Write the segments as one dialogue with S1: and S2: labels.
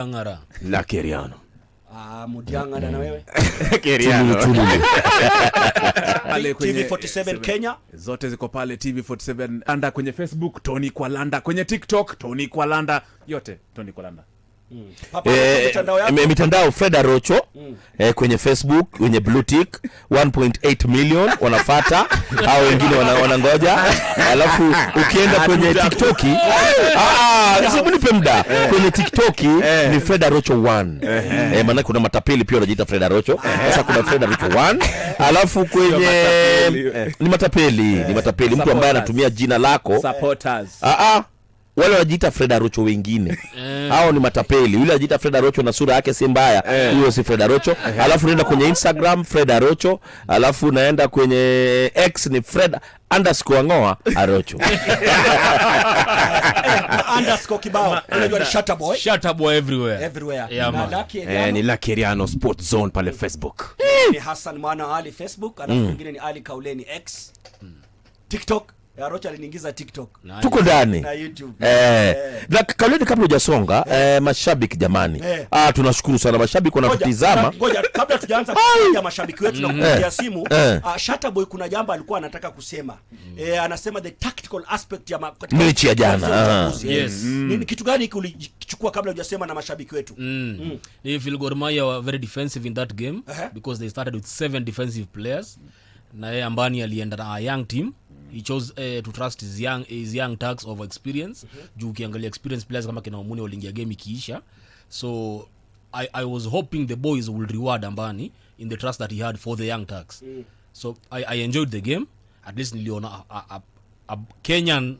S1: Angara. La Keriano.
S2: Ah, Mudiangara na wewe.
S1: Keriano. Tulu, tulu.
S2: pale kwenye
S3: TV47 Kenya.
S2: Zote ziko pale TV47 anda kwenye Facebook Tony Kwalanda, kwenye TikTok Tony Kwalanda, yote Tony Kwalanda
S1: mm. eh, eh, mitandao Fred Rocho mm. eh, kwenye Facebook kwenye blue tick 1.8 million wanafata au wengine wanangoja wana, alafu ukienda ah, kwenye TikTok eh. ah, ah, hebu nipe muda eh. kwenye TikTok eh. ni Fred Rocho 1 eh, maana kuna matapeli pia wanajiita Fred Rocho sasa kuna Fred Rocho 1 alafu kwenye ni matapeli ni matapeli mtu ambaye anatumia jina lako
S3: supporters
S1: ah ah wale wajiita freda rocho wengine eh. hao ni matapeli. Yule ajiita freda rocho na sura yake si mbaya, eh. huyo si freda rocho eh. Alafu naenda kwenye Instagram freda rocho alafu naenda kwenye X ni freda underscore ngoa Arocho
S2: underscore kibao, unajua ni shatter boy,
S3: shatter boy everywhere
S2: everywhere.
S1: Na ni Lucky Riano Sport Zone pale Facebook,
S2: ni Hassan Mwana Ali Facebook, alafu mm. mwingine ni Ali Kauleni X mm. TikTok Eh, Rocha aliniingiza TikTok. Tuko ndani na YouTube.
S1: Eh. eh. Na kabla hujasonga, eh, eh mashabiki jamani. Ah, tunashukuru sana mashabiki wanatutizama.
S2: Ngoja kabla tujaanza kuja mashabiki wetu na mm-hmm. kupigia simu, ah, kuna jambo alikuwa anataka kusema. Mm. Eh, anasema the tactical aspect ya
S1: mechi ya jana. Ah.
S3: Yes.
S2: Mm. Nini kitu gani kabla hujasema na mashabiki wetu?
S3: Mm. Ni vile Gor Mahia were very defensive in that game because they started with seven defensive players. Na yeye Ambani alienda na young team he chose uh, to trust his young, his young tax over experience mm -hmm. juu ukiangalia experience players kama kina Omune waliingia game ikiisha so I, i was hoping the boys will reward ambani in the trust that he had for the young tax mm. so I, i enjoyed the game at least niliona a, a, a kenyan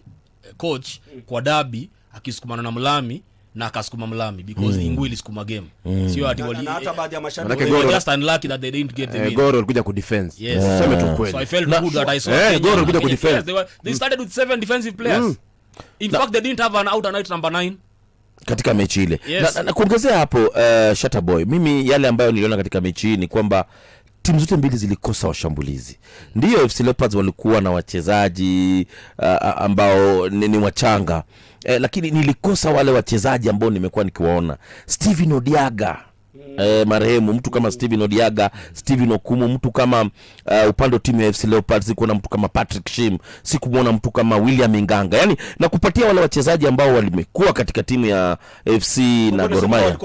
S3: coach mm. kwa dabi akisukumana na mlami na akasukuma mlami because mm. Ingwe ilisukuma game mm. sio ati wali na hata baadhi ya mashabiki were just unlucky that they didn't get the eh, win.
S1: Goro alikuja ku defense
S3: yes. yeah. sema tu kweli, so I felt na, good that I saw yeah,
S1: Goro alikuja ku defense they, were,
S3: they mm. started with seven defensive players mm. in na, fact they didn't have an out and out number 9
S1: katika mechi ile yes. na, na, kuongezea hapo uh, eh, Shutterboy, mimi yale ambayo niliona katika mechi hii ni kwamba timu zote mbili zilikosa washambulizi. Ndiyo, FC Leopards walikuwa na wachezaji uh, ambao ni, ni wachanga mm eh, lakini nilikosa wale wachezaji ambao nimekuwa nikiwaona Steven Odiaga eh, marehemu mtu kama Steven Odiaga, Steven Okumu, mtu kama uh, upande wa timu ya FC Leopards sikuona mtu kama Patrick Shim, sikumwona mtu kama William Nganga, yani nakupatia wale wachezaji ambao walimekuwa katika timu ya FC na Gor Mahia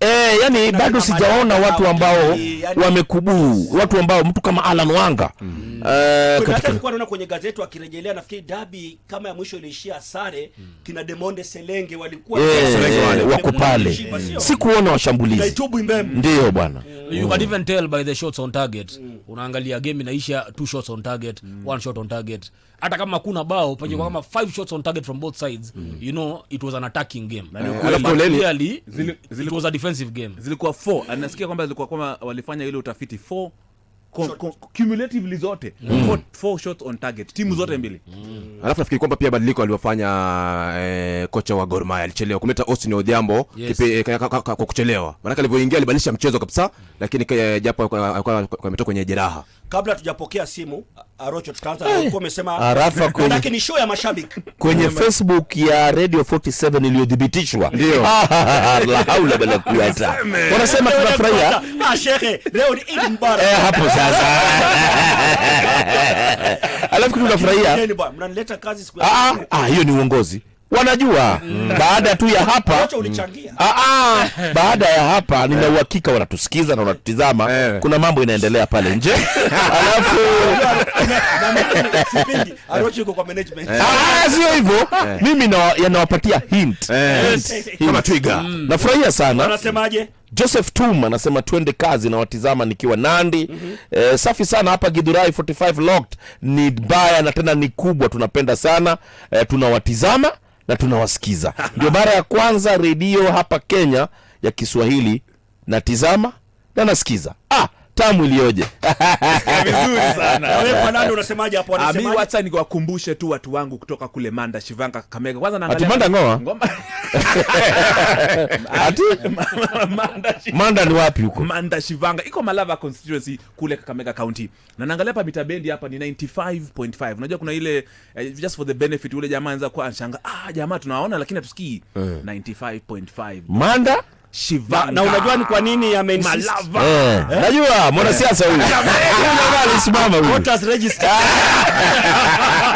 S1: eh, yani bado sijaona watu ambao yani, wamekubuu watu ambao mtu kama Alan Wanga mm. eh,
S2: nilikuwa naona kwenye gazeti akirejelea nafikiri dabi kama ya mwisho iliishia sare, mm. kina Demonde Selenge walikuwa
S1: eh, wako pale, sikuona washambuliaji mashambulizi. Mm. Ndio bwana.
S3: You can mm. even tell by the shots on target. Unaangalia game inaisha two shots on target, mm. one shot on target. Hata kama kuna bao, pamoja kama five shots on target from both sides, you know it was an attacking game. Clearly eh, yaani it was a defensive game.
S2: Zilikuwa four. Anasikia kwamba zilikuwa kama walifanya ile utafiti four cumulatively zote, four shots on target, timu zote mbili.
S1: Mm. Alafu nafikiri kwamba pia badiliko aliyofanya eh, kocha wa gormaya alichelewa kumleta Austin Odhiambo yes. Eh, kwa kuchelewa, maanake alivyoingia alibadilisha mchezo kabisa, lakini eh, japo ametoka kwenye jeraha.
S2: Kabla tujapokea simu Rocho, tutaanza na eh, ulikuwa umesema
S1: arafa ah, kwenye,
S2: ni show ya mashabiki
S1: kwenye Facebook ya Radio 47 iliyothibitishwa, ndio la haula bila kuwata, wanasema tunafurahia
S2: ah, shehe leo ni Eid Mubarak
S1: eh, hapo sasa alafu tunafurahia, mnanileta kazi siku ah, ah, ah, hiyo ni uongozi wanajua mm. Baada tu ya hapa ah, ah, baada ya hapa nina uhakika wanatusikiza na wanatutizama. Eh. Kuna mambo inaendelea pale nje, alafu ah, eh. sio hivyo, eh. mimi nawapatia hint kama twiga. Mm. Nafurahia sana Joseph Tum anasema twende kazi na watizama nikiwa Nandi. mm -hmm. Eh, safi sana hapa gidhurai 45 locked ni baya na tena ni kubwa, tunapenda sana eh, tunawatizama na tunawasikiza. Ndio mara ya kwanza redio hapa Kenya ya Kiswahili natizama na nasikiza ah! tamu iliyoje
S3: wacha niwakumbushe tu watu wangu kutoka kule Manda Shivanga Kakamega
S1: kwanza naangalia ni wapi huko
S2: Manda Shivanga iko Malava constituency kule Kakamega kaunti na naangalia mita bendi hapa ni 95.5 unajua kuna ile uh, just for the benefit ule jamaa anza kwa anashanga ah jamaa tunawaona lakini hatusikii uh. Eh. 95.5 Manda Shivanga. Na, unajua ni kwa nini ya main
S1: malava. Eh, eh? Najua mwanasiasa huyu.
S2: Alisimama huyu.
S3: Voters register.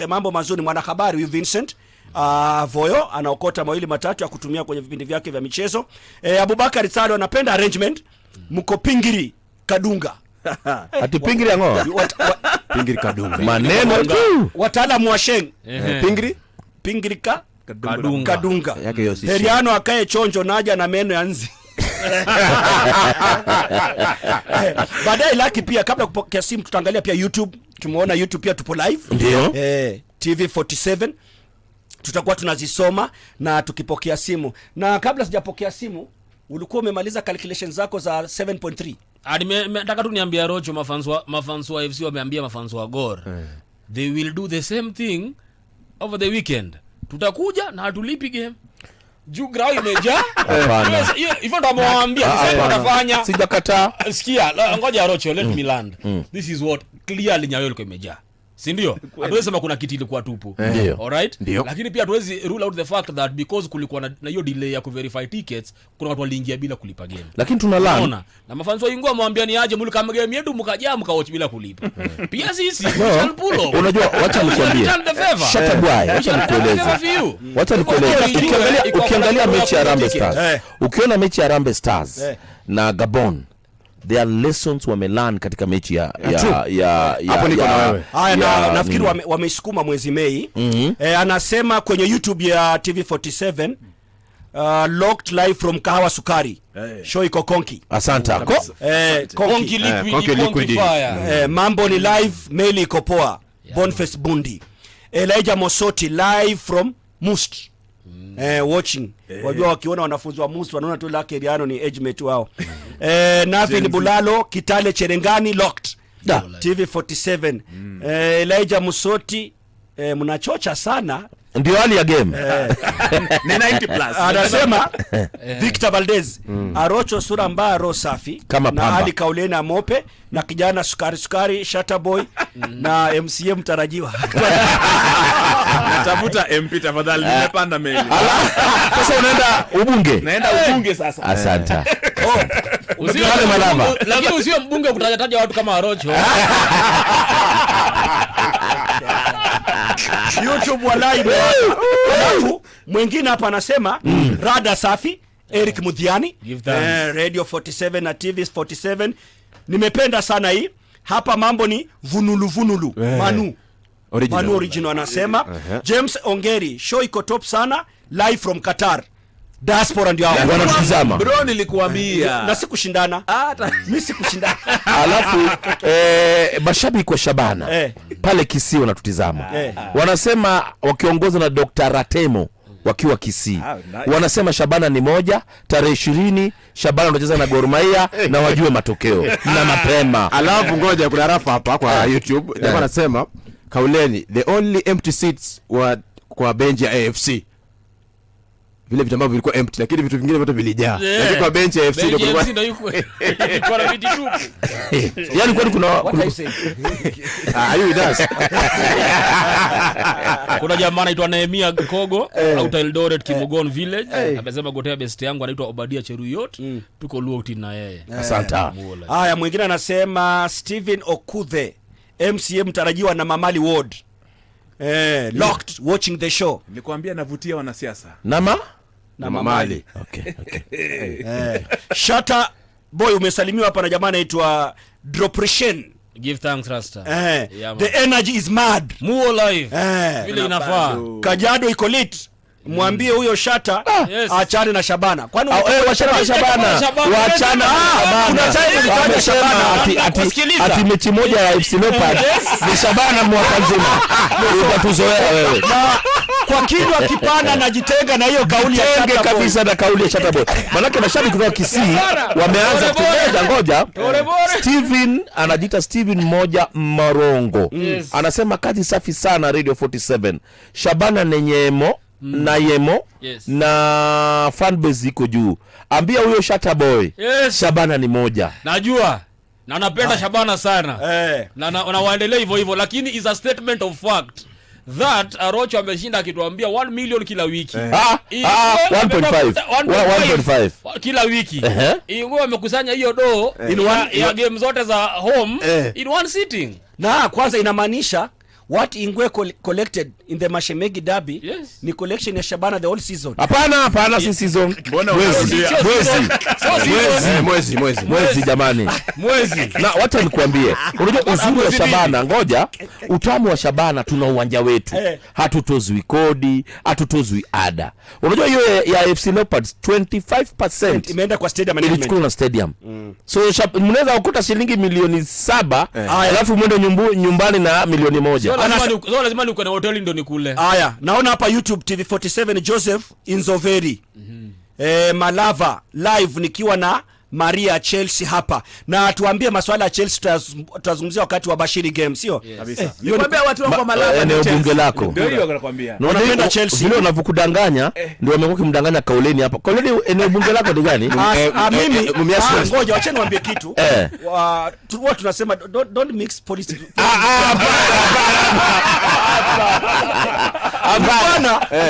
S2: Sheikh, mambo mazuri. Mwanahabari huyu Vincent Uh, Voyo anaokota mawili matatu ya kutumia kwenye vipindi vyake vya michezo. E, Abubakar Sado anapenda arrangement. Mko pingiri kadunga.
S1: Ati pingiri ngo. Pingiri kadunga. Maneno tu.
S2: Wataalamu wa Sheng.
S1: Eh, pingiri?
S2: Pingiri ka kadunga. Kadunga. Eh, Heriano akae chonjo naja na meno ya nzi. Baadaye laki pia kabla kupokea simu tutaangalia pia YouTube tumeona YouTube pia tupo live. Ndio. Eh, TV 47 tutakuwa tunazisoma na tukipokea simu. Na kabla sijapokea simu, ulikuwa umemaliza calculation zako za 7.3.
S3: Ah, nataka tu niambia Rocho, mafans FC wameambia mafans Gor mm. they will do the same thing over the weekend. Tutakuja na hatulipi game juu grau imejaa hivyo ndo amewambia ah,
S1: sijakataa
S3: mm. mm. this is what sindio atuwezisema kuna kiti ilikuwa tupu, yeah. right? lakini pia hatuwezi rule out the fact that because kulikuwa na hiyo delay ya kuverify tickets, kuna watu waliingia bila kulipa game,
S1: lakini tuna learn
S3: na mafanzo wengi mwambia ni aje mlika game yetu mkajaa mkawach bila kulipa. Eh. Pia sisi no. pull
S1: Unajua, wacha nikwambie, shut up eh. wacha nikueleze, wacha nikueleze. Mm. Ukiangalia mechi ya rambe Stars, ukiona mechi ya rambe Stars eh. na Gabon their lessons katika mechi ya ya ya
S2: hapo. Niko na wewe na mm. nafikiri mwezi Mei. Mhm. Eh, anasema kwenye YouTube ya TV47 Uh, live from Kahawa Sukari hey. iko konki. Asante eh, konki
S1: konki eh,
S2: eh, mambo ni live, meli iko poa yeah. Bundi, Elijah Mosoti live from Must mm. eh, watching hey. Eh. Wajua wakiona wanafunzi wa Musu wanaona tu lake Riano ni age mate wao mm. eh, Nafin Bulalo Kitale Cherengani locked da. TV 47 mm. eh, Elijah Musoti eh, mnachocha sana
S1: ndio hali ya game eh,
S3: ni 90 plus ah,
S2: anasema eh. Victor Valdez hmm. Arocho sura mbaya ro safi Kama na hali kaulena mope na kijana sukari sukari shatter boy hmm. na MCM mtarajiwa
S3: natafuta MP tafadhali eh. nimepanda meli
S1: sasa unaenda ubunge
S2: naenda eh. ubunge sasa
S1: asante oh.
S2: Usio, lakini usio mbunge kutajataja watu kama Arocho YouTube walai alafu mwingine hapa anasema mm. rada safi Eric Mudhiani eh, Radio 47 na TV 47 nimependa sana hii hapa mambo ni vunulu vunulu eh. Manu original, Manu original anasema uh eh. -huh. James Ongeri show iko top sana live from Qatar diaspora ndio hao yaani
S1: wanatutizama
S2: bro, nilikuambia na sikushindana, ah, hata mimi sikushindana.
S1: Alafu eh, mashabiki wa Shabana eh, pale Kisii wanatutizama eh, wanasema wakiongozwa na Dr. Ratemo wakiwa Kisii ah, nice. Wanasema Shabana ni moja, tarehe ishirini Shabana unacheza na Gor Mahia na wajue matokeo na mapema. Alafu ngoja, kuna rafa hapa kwa yeah. YouTube yeah. Anasema kauleni the only empty seats were kwa benji ya AFC vile vitu ambavyo vilikuwa empty, lakini vitu vingine vyote vilijaa, lakini kwa bench ya FC ndio
S2: kwa kulikuwa na viti
S1: tupu, yani kwani kuna ah you does
S2: Kuna jamaa anaitwa Nehemia Kogo au eh. out Eldoret Kimogon eh. Village, eh. amesema Gotea best yangu anaitwa Obadia Cheruyot, mm. tuko luo na yeye. Asante. Haya, mwingine anasema Steven Okuthe MCM tarajiwa na Mamali Ward. Eh, locked watching the show.
S3: nikwambia navutia wanasiasa.
S1: Nama?
S2: na Mamali.
S1: Eh.
S2: Shata boy umesalimiwa hapa na jamaa anaitwa Droprishen.
S3: Give thanks Rasta.
S2: Eh, yeah, the energy is mad.
S3: Muo live. Eh, vile inafaa.
S2: Kajado iko lit mwambie huyo Shata ah, yes. Achane na Shabana.
S1: Kwani ah, eh, wachana na Shabana, wachana
S2: kuna ah, time nilitaja Shabana
S1: ati ati, ati mechi moja ya FC Leopard ni Shabana mwaka mzima, utatuzoea
S2: wewe kwa kinywa kipana najitenga na hiyo kauli ya
S1: Shata kabisa, na kauli ya Shata Boy manake mashabiki kwa Kisii wameanza kutengeneza. Ngoja, Steven anajiita Steven moja Marongo, mm. yes. anasema kazi safi sana Radio 47 Shabana Nenyemo mm. na Yemo yes. na fanbase iko juu. Ambia huyo Shatta Boy yes. Shabana ni moja,
S3: najua na napenda ah. Shabana sana eh. na, na, na hivyo hivyo, lakini is a statement of fact that Arocho ameshinda akituambia 1 million kila wiki eh.
S1: ah, ah, 1.5
S3: kila wiki uh -huh. Ingo amekusanya hiyo doo eh. ya, ya game zote za home eh. in one sitting,
S2: na kwanza inamaanisha what Ingwe collected in the Mashemegi dabi yes. ni collection ya Shabana the whole season.
S1: Hapana, hapana si season. mwezi? Eh, mwezi. Mwezi, eh, mwezi, mwezi. Mwezi jamani. Mwezi. Na wacha nikwambie, unajua uzuri wa Shabana, ngoja, utamu wa Shabana tuna uwanja wetu. Eh. Hatutozwi kodi, hatutozwi ada. Unajua hiyo ya FC Leopards 25%
S2: imeenda kwa stadium management.
S1: Ilichukuliwa na stadium. Mm. So mnaweza ukuta shilingi milioni saba, alafu mwende nyumbani na milioni moja
S2: lazima ni uko na hoteli ndo nikule. Haya, naona hapa YouTube TV 47 Joseph Inzoveri mm -hmm. eh, Malava live nikiwa na Maria Chelsea hapa na tuambie maswala ya Chelsea tutazungumzia wakati wa Bashiri game, sio eh, hiyo? Eh,
S1: eneo bunge lako,
S2: ndio hiyo nakwambia, na
S1: unapenda ndio wamekuwa kimdanganya Kauleni hapa. Kauleni, eneo bunge lako ni gani?
S2: Ah, eh, ah, mimi ah, ngoja, wacha niwaambie kitu, tuwa tunasema don't mix politics.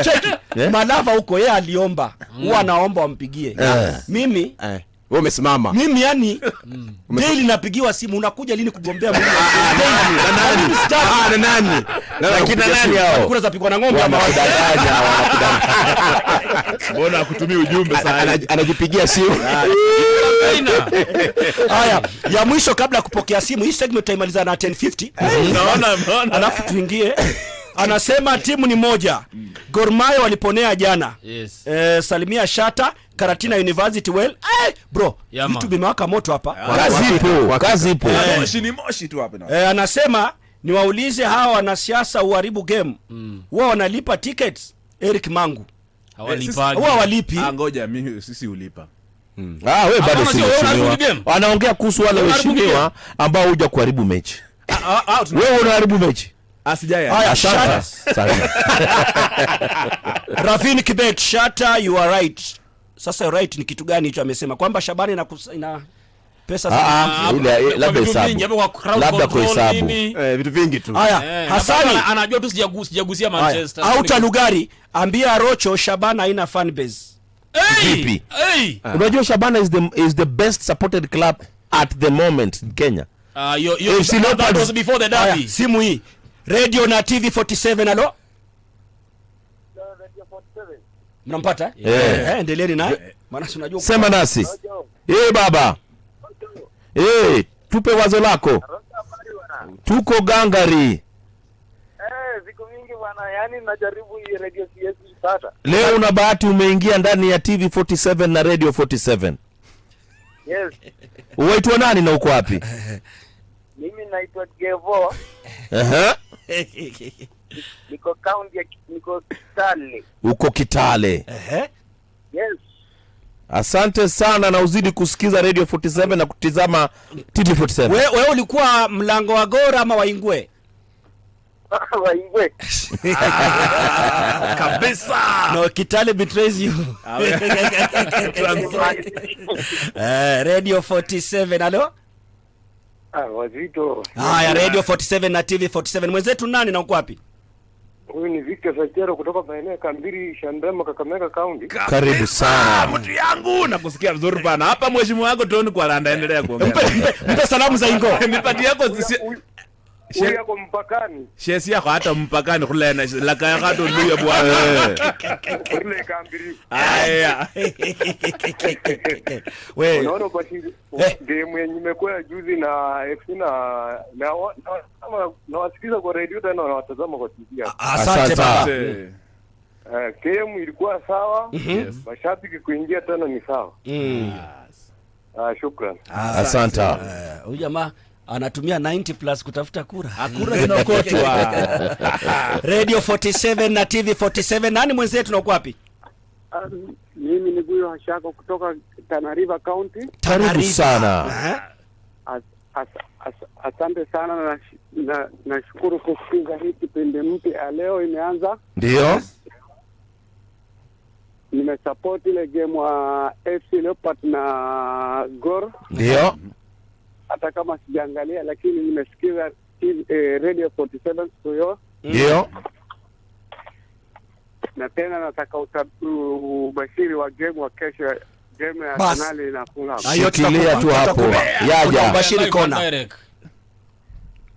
S2: cheki Malava huko, yeye aliomba, huwa mm. anaomba wampigie mimi umesimama. Mimi yani daily mm. napigiwa simu, unakuja lini kugombea ah,
S1: ah, ah,
S2: kura na zapigwa na ng'ombe
S1: Mbona ujumbe Anajipigia simu.
S2: Haya, ya mwisho kabla ya kupokea simu, hii segment na 1050. Alafu tuingie anasema timu ni moja. gormayo waliponea jana yes. E, salimia Shata Karatina University well. Hey, bro vitu vimewaka moto hapa,
S1: kazi ipo,
S2: kazi ipo, eh. moshi ni moshi tu hapa e, anasema niwaulize hawa wanasiasa uharibu game mm. huwa wanalipa tickets Eric Mangu huwa walipi. Ah,
S1: ngoja mimi sisi ulipa hmm. Ah, wewe bado si anaongea kuhusu wale waheshimiwa ambao huja kuharibu mechi. Ah, ah, wewe unaharibu mechi
S2: Kibet, shata, you are right. Sasa right ni kitu gani hicho amesema kwamba Shabani na kusina na Auta Lugari, ambia Rocho Shabana haina ah.
S1: Unajua Shabana is the is the best supported club at the moment Kenya. Uh, ah, Leopards
S3: before the
S2: hii radio na TV 47 alo. Mnampata? Eh,
S1: yeah.
S2: Eh, na eh.
S1: maana si unajua. Sema nasi. Eh, baba. Eh, tupe wazo lako. Tuko gangari. Eh,
S4: yaani najaribu hii radio siwezi ipata.
S1: Leo una bahati umeingia ndani ya TV 47 na radio 47. Yes. Uwaitwa nani na uko wapi?
S4: Mimi naitwa Gevo. Aha. niko kaunti ya niko Kitale.
S1: Uko Kitale.
S2: Ehe.
S4: Yes.
S1: Asante sana na uzidi kusikiza Radio 47 na kutizama TT 47.
S2: Wewe we ulikuwa mlango wa Gora ama Waingwe?
S4: Waingwe.
S1: Kabisa.
S3: No, Kitale betrays you.
S2: Eh, Radio 47, alo
S4: Ah, wazito.
S2: Haya, Radio 47 na TV 47. Mwenzetu nani na uko wapi?
S4: Huyu ni Victor Sachero kutoka maeneo ya Kambiri Shandema, Kakamega County.
S1: Karibu sana.
S2: Mtu yangu nakusikia vizuri bana. Hapa mheshimiwa wako Tony kwa landa endelea kuongea. Mpe salamu za ingo. Mipati yako
S4: uya ko mpakani
S2: shesi yakho hata mpakani khulena laka ya bwana eh. kule aya
S4: we eh. juzi na na na na
S1: asante
S4: eh, ilikuwa sawa mhm. mashabiki kuingia tena ni sawa mm. ah, shukran.
S1: Asante.
S2: Huyu jamaa anatumia 90 plus kutafuta kura,
S1: kura zinaokotwa
S2: Radio 47 na TV 47. Nani mwenzetu, nauko wapi?
S4: Um, mimi ni Guyo Hashako kutoka Tana River County.
S1: Karibu sana. Eh?
S4: As, as, as, sana na, na, nashukuru kusikiza hii kipindi mpya leo imeanza. Ndio. Nimesapoti ile game wa FC Leopard na Gor. Ndio hata kama sijaangalia, lakini nimesikiza eh, Radio 47 siku hiyo mm. ndio na tena nataka ubashiri wa game wa kesho game ya Arsenal na Fulham.
S1: Shikilia tu hapo, yaja
S2: ubashiri kona.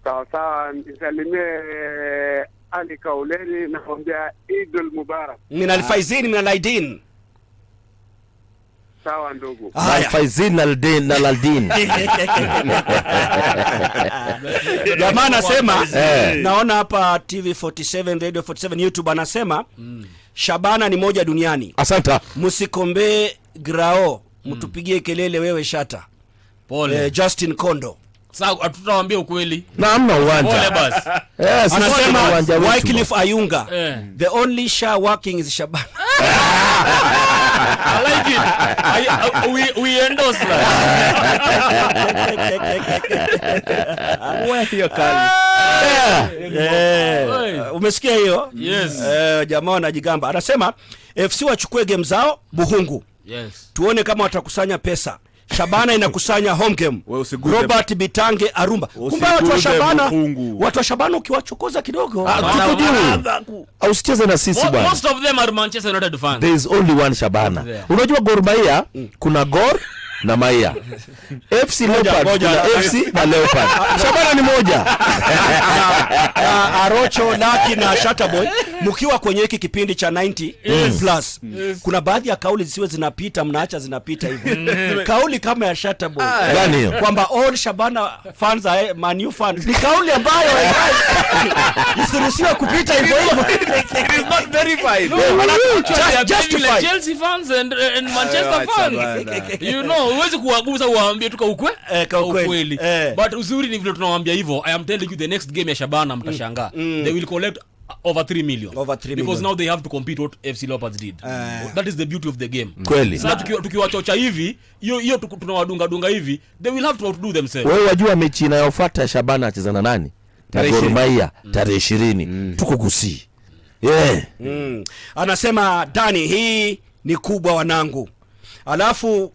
S4: Sawa sawa, nisalimie eh, Ali Kauleni, namwambia Idul Mubarak,
S2: minalfaizini minalaidin
S4: Sawa ndugu.
S1: Ah,
S2: Jamaa anasema eh, naona hapa TV 47 Radio 47 YouTube anasema mm. Shabana ni moja duniani. Asante. Msikombee Grao, mtupigie mm. kelele wewe Shata. Pole. Eh, Justin Kondo.
S3: Sawa, ukweli.
S1: Na amna
S2: eh, Ayunga. yeah. The only sha working is Shabana.
S3: I like it. I, uh, we, we endorse that.
S1: hiyo Umesikia hiyo?
S3: Yes.
S2: Eh, jamaa wanajigamba. Anasema FC wachukue game zao Buhungu. Yes. Tuone kama watakusanya pesa. Shabana inakusanya home game. Robert Bitange Arumba. Kumbe watu wa Shabana, watu wa Shabana ukiwachokoza kidogo
S1: ah, usicheze na sisi bwana.
S3: Most of them are Manchester United fans. There
S1: is only one Shabana. Unajua gorbaia mm. kuna Gor na Maia. FC Leopard kuna FC na Leopard. Shabana ni moja.
S2: Arocho Lucky na Shataboy mkiwa kwenye hiki kipindi cha 90 plus kuna baadhi ya kauli zisiwe zinapita, mnaacha zinapita hivyo mm. kauli kama ya Shataboy gani ah, hiyo, kwamba all oh, Shabana fans are Man U fans, ni kauli ambayo isiruhusiwe kupita hivyo hivyo. It
S3: is not verified. No, just, just Chelsea fans and, and Manchester fans you know uwezi kuwagusa uwaambie tuka ukwe
S2: eh, ukweli eh.
S3: but uzuri ni vile tunawambia hivyo i am telling you the next game ya shabana mtashangaa mm, mm. they will collect over 3 million
S2: over 3 because
S3: now they have to compete what FC Leopards did eh. that is the beauty of the game kweli sasa tukiwa tukiwachocha hivi hiyo hiyo tunawadunga dunga hivi they will have to outdo themselves
S1: wewe wajua mechi inayofuata Shabana achezana nani tarehe Gor mm. tarehe 20 tuko gusii yeah
S2: mm. anasema Dani hii ni kubwa wanangu alafu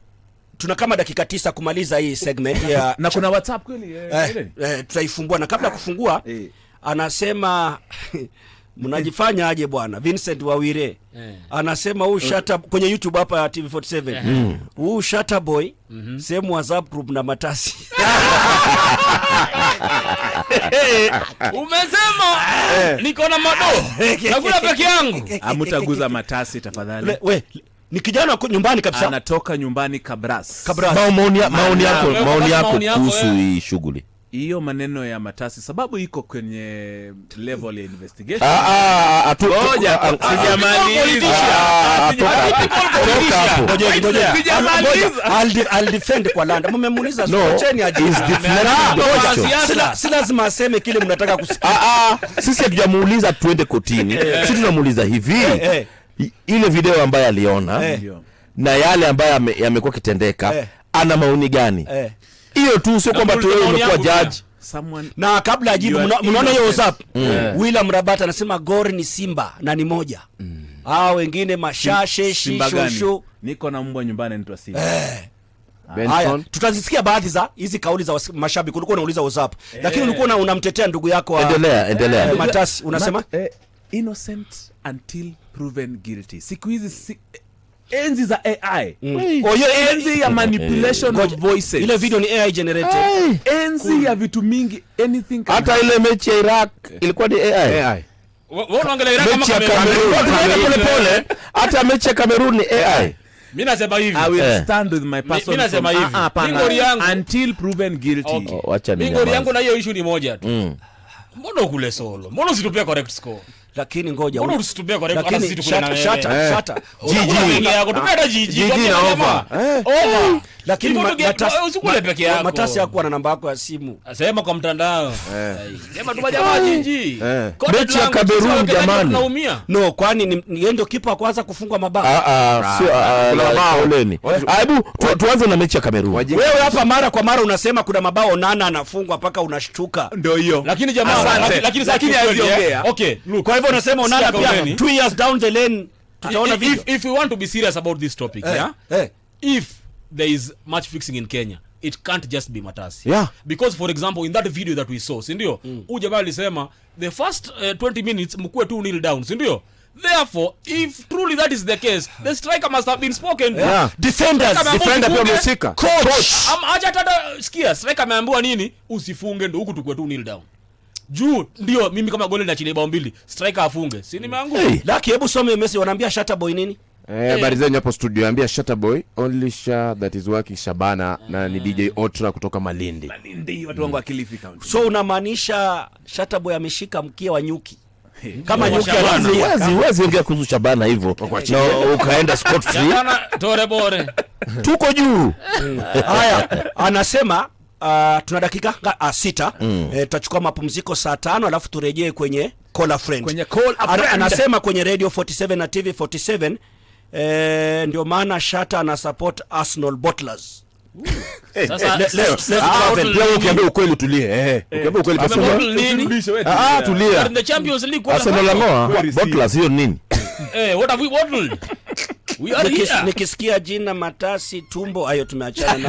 S2: tuna kama dakika tisa kumaliza hii segment ya
S3: na kuna WhatsApp kweli eh, eh,
S2: eh, tutaifungua na kabla ya kufungua eh, anasema mnajifanya aje bwana Vincent Wawire eh, anasema huu shata kwenye YouTube hapa ya TV47 eh. mm. huu mm. shata boy mm -hmm. sehemu WhatsApp group na matasi
S3: umesema eh. niko na mado nakula peke yangu
S1: amutaguza matasi tafadhali we,
S2: we ni kijana nyumbani kabisa,
S1: anatoka nyumbani Kabras. Kabras. Maoni maoni yako, maoni yako kuhusu eh. hii shughuli
S2: hiyo maneno ya matasi, sababu iko kwenye level ya investigation.
S1: kwa landa. Mmemuuliza, acheni ajibu,
S2: ah, si lazima aseme kile mnataka kusikia.
S1: Ah, ah. Sisi hatujamuuliza twende kotini, eh, eh. sisi tunamuuliza hivi ile video ambayo aliona eh, na yale ambayo yamekuwa kitendeka eh, ana maoni gani eh. hiyo eh, tu sio kwamba tu umekuwa judge Someone
S2: na kabla ajibu, mnaona hiyo WhatsApp yeah. Mm. wila Rabata anasema gori ni Simba na ni moja mm. aa wengine mashashe shishosho,
S3: niko na mbwa nyumbani nitwa Simba
S2: eh. Haya, tutazisikia baadhi za hizi kauli za mashabiki. Ulikuwa unauliza WhatsApp, lakini eh. ulikuwa unamtetea ndugu yako.
S1: Endelea, eh, endelea.
S2: Matasi unasema eh
S3: innocent until proven guilty siku hizi si, enzi za ai mm. kwa enzi ya manipulation mm. of voices ile
S2: video ni ai generated hey. enzi cool. ya vitu mingi anything
S1: hata ile mechi ya iraq ilikuwa ni ai, AI.
S2: polepole
S1: hata mechi ya kamerun ni ai
S3: mi eh. ah, ah,
S1: oh, oh,
S2: yangu na hiyo issue ni moja tu mm. mbona ukule solo mbona usitupia correct score lakini ngoja wewe kwa refu shata shata eh. jiji hata jiji
S1: jiji na over
S2: over lakini usikule peke yako matasi hakuwa na namba yako ya simu
S3: sema kwa mtandao eh.
S2: sema tu jamaa jiji eh.
S1: mechi ya jamani
S2: no kwani yeye ndio kipa kwanza kufungwa mabao
S1: ah ah, ah sio ah, mabao leni ah, hebu tuanze na mechi ya Kamerun
S2: wewe hapa mara kwa mara unasema kuna mabao nana anafungwa mpaka unashtuka ndio hiyo lakini jamaa lakini lakini okay kwa hivyo hivyo unasema Onana pia 2 years down the lane
S3: tutaona video. If, if we want to be serious about this topic, eh, yeah? eh. If there is much fixing in Kenya, it can't just be Matasi.
S1: Yeah. Because
S3: for example, in that video that we saw, sindio Mm. Uja bali sema the first uh, eh, 20 minutes mkuwe tu nil down, sindio Therefore, if truly that is the case, the striker must have been spoken to.
S1: Yeah. Defenders, defender pia mhusika. Coach.
S3: Coach.
S2: Am acha tata sikia, striker ameambiwa nini? Usifunge ndo huku tukwe 2 nil down juu ndio mimi kama goli nachini bao mbili striker afunge si nimeanguka hey, laki hebu some Messi wanaambia shatter boy nini
S1: Eh, eh. habari hey, zenyu hapo studio ambia Shatter Boy only sha that is working Shabana mm. na ni ah. DJ Otra kutoka Malindi.
S2: Malindi watu wangu akilifi Kilifi County. So unamaanisha Shatter Boy ameshika mkia wa nyuki.
S1: Kama nyuki wazi wazi wazi ongea kuhusu Shabana hivyo. Na ukaenda scot free.
S2: tore bore.
S1: Tuko juu.
S2: Haya, anasema uh, tuna dakika uh, sita mm. Eh, tutachukua mm. e, mapumziko saa tano alafu turejee kwenye call a friend. Kwenye call a friend. anasema kwenye radio 47 na TV 47 e, ndio maana Shata ana support Arsenal bottlers
S1: eh, eh, ah, ukiambia ukweli tulie,
S2: Nikisikia jina matasi tumbo, ayo tumeachana na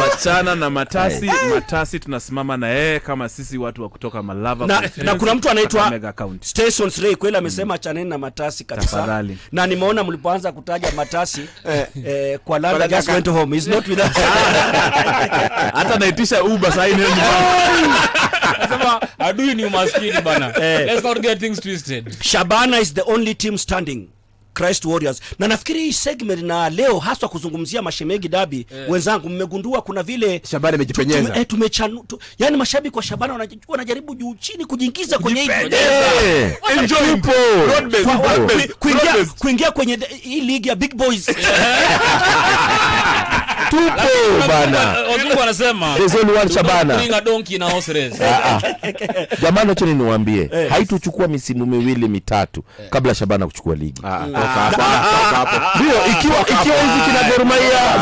S1: wachana na matasi hey. Matasi tunasimama na yeye kama sisi watu wa kutoka Malava
S2: na, na kuna mtu anaitwa Station Slay kweli amesema mm. chaneni na matasi kabisa na nimeona mlipoanza kutaja matasi eh, eh, kwa landa
S3: just went home is not with us
S1: hata naitisha uba sasa hivi
S3: nasema adui ni umaskini bana eh. Let's not get things twisted.
S2: Shabana is the only team standing Christ Warriors. Na nafikiri hii segment na leo haswa kuzungumzia Mashemegi Dabi yeah. Wenzangu mmegundua kuna vile
S1: Shabana imejipenyeza. Tume,
S2: eh, tumechanu tu, yani mashabiki wa Shabana wanajaribu, juu chini kujiingiza kwenye hii yeah.
S1: Eh. enjoy
S2: kuingia kuingia kwenye hii ligi ya big boys
S1: tupo bana. Eh,
S3: wazungu wanasema
S1: there's only one Shabana. Bring
S3: a donkey na horse race. Ah, ah.
S1: Jamani, acha niwaambie, eh. haituchukua misimu miwili mitatu eh. kabla Shabana kuchukua ligi. Ah, Ndio, ikiwa ikiwa hizi kina Gor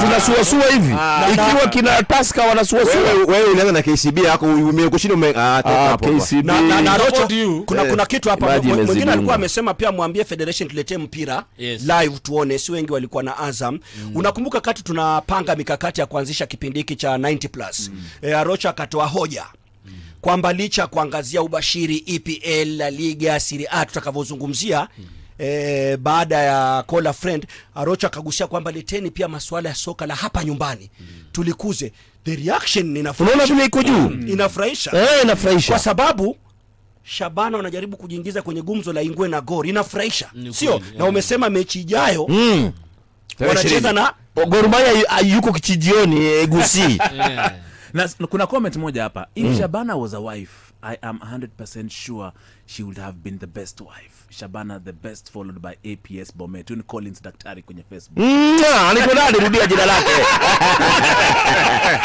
S1: zinasuasua hivi, ikiwa kina Taska wanasuasua, wewe unaanza na KCB yako kushinda ume KCB
S2: na Rocho, kuna kuna kitu hapa mwingine alikuwa amesema pia, mwambie Federation tuletee mpira live tuone, si wengi walikuwa na Azam. Mm. Unakumbuka kati tunapanga kupanga mikakati ya kuanzisha kipindi hiki cha 90 plus mm. E, eh, Arocha akatoa hoja kwamba licha ya kuangazia ubashiri EPL, La Liga, Serie A tutakavyozungumzia mm. E, baada ya call a friend Arocha akagusia kwamba leteni pia masuala ya soka la hapa nyumbani mm. tulikuze. The reaction
S1: inafurahisha, iko juu mm. eh, inafurahisha kwa
S2: sababu Shabana wanajaribu kujiingiza kwenye gumzo la Ingwe na Gor, inafurahisha sio? Na umesema mechi ijayo mm. wanacheza na
S1: Gor Mahia yuko kichijioni eh, Egusi. yeah.
S3: Na kuna comment moja hapa. If mm. Shabana was a wife, I am 100% sure she would have been the best wife. Shabana the best followed by APS Bomet. Tune Collins daktari kwenye Facebook.
S1: Niko nani rudia jina lake.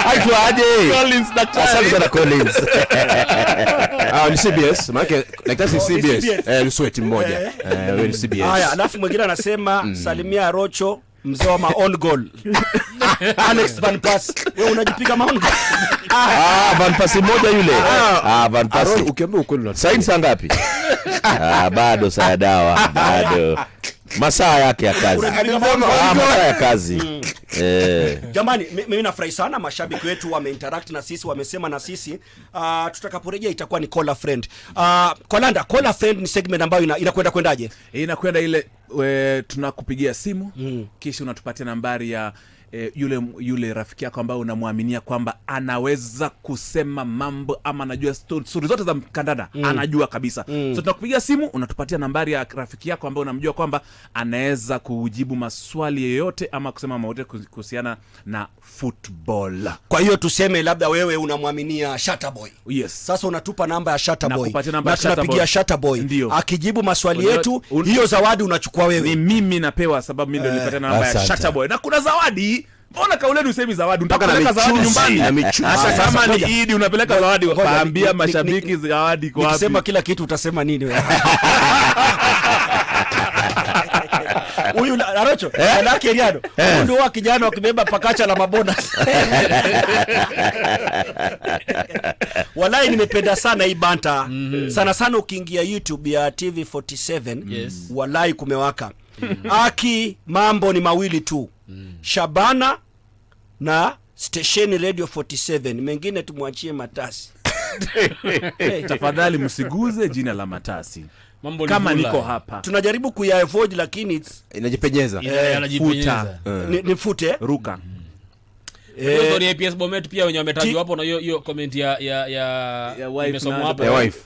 S1: Aitwa aje?
S3: Collins daktari.
S1: Asante sana Collins. Ah, ni CBS. Maana daktari si oh, CBS. Eh, ni sweat mmoja. Eh, eh ni CBS. Haya,
S2: alafu mwingine anasema mm. salimia Rocho Mzoma on gol Alex Van we Wewe unajipiga maungo.
S1: Ah, ah, Van Pass moja yule. Ah, ah Van Pass. Ukiambia ukweli unasaini saa ngapi? ah, bado saa dawa. Bado masaa yake ya kazi ah, masaa ya kazi mm. eh. Jamani, mimi nafurahi sana mashabiki wetu wameinteract na sisi, wamesema na sisi uh, tutakaporejea itakuwa ni call a friend uh, Kolanda, call friend ni segment ambayo inakwenda ina kwendaje? Inakwenda ile we, tunakupigia simu mm. kisha unatupatia nambari ya e, yule yule rafiki yako ambaye unamwaminia kwamba anaweza kusema mambo ama anajua stori zote za mkandada mm. anajua kabisa mm. so tunakupigia simu unatupatia nambari ya rafiki yako ambaye unamjua kwamba anaweza kujibu maswali yeyote ama kusema maote kuhusiana na football kwa hiyo tuseme labda wewe unamwaminia shataboy yes sasa unatupa namba ya shataboy shataboy akijibu maswali yetu hiyo zawadi unachukua wewe ni mimi napewa sababu mimi ndio nipatia eh. namba ya shataboy na kuna zawadi Mbona kauleni usemi zawadi? Unapeleka zawadi nyumbani. Hata kama ni Idi unapeleka zawadi, waambia mashabiki zawadi kwa wapi? kila kitu utasema nini wewe? Huyu Arocho eh? anake Riado. Eh. Huyu ndio wa kijana wakibeba pakacha la mabonus. walai nimependa sana hii banta. Mm -hmm. Sana sana ukiingia YouTube ya TV47 yes. Wallahi kumewaka. Aki mambo ni mawili tu mm. Shabana na stesheni Radio 47. Mengine tumwachie Matasi. hey. Tafadhali msiguze jina la Matasi. Mambo kama niko Hapa tunajaribu kuyaavoid lakini it's inajipenyeza, inajipenyeza. Eh, nifute ruka mm. Eh, ni eh. PS Bomet pia wenye wametajwa hapo na hiyo hiyo comment ya ya ya imesomwa hapo ya wife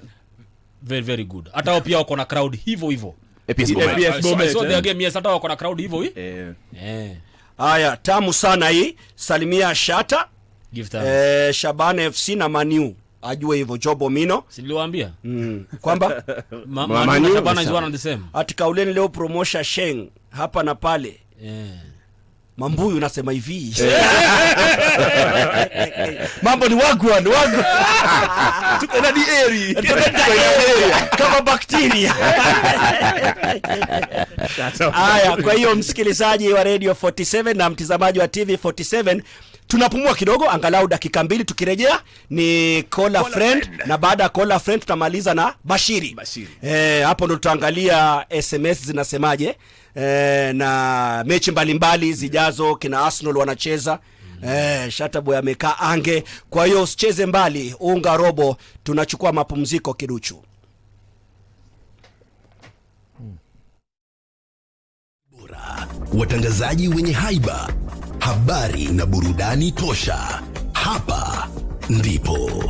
S1: very very good. Hata wao pia wako na crowd hivyo hivyo. PS Bomet. So the eh. game yes, hata wako na crowd hivyo hii. Eh. Eh. eh. Haya, tamu sana hii. Salimia Shata e, eh, Shabana FC na Maniu ajue hivyo Jobo Mino siliwambia mm. kwamba Ma, Maniu Shabana is one and the same. Ati leo promosha Sheng hapa na pale yeah. Mambuyu nasema hivi mambo ni wagwan eri kama bakteria haya. Kwa hiyo msikilizaji wa Radio 47 na mtizamaji wa TV 47 tunapumua kidogo angalau dakika mbili. Tukirejea ni Kola friend, friend na baada ya Kola friend tutamaliza na Bashiri, Bashiri. E, hapo ndo tutaangalia SMS zinasemaje eh, na mechi mbalimbali zijazo kina Arsenal wanacheza Eh, Shataboy amekaa ange. Kwa hiyo usicheze mbali, unga robo, tunachukua mapumziko kiduchu. Bora watangazaji wenye haiba, habari na burudani tosha, hapa ndipo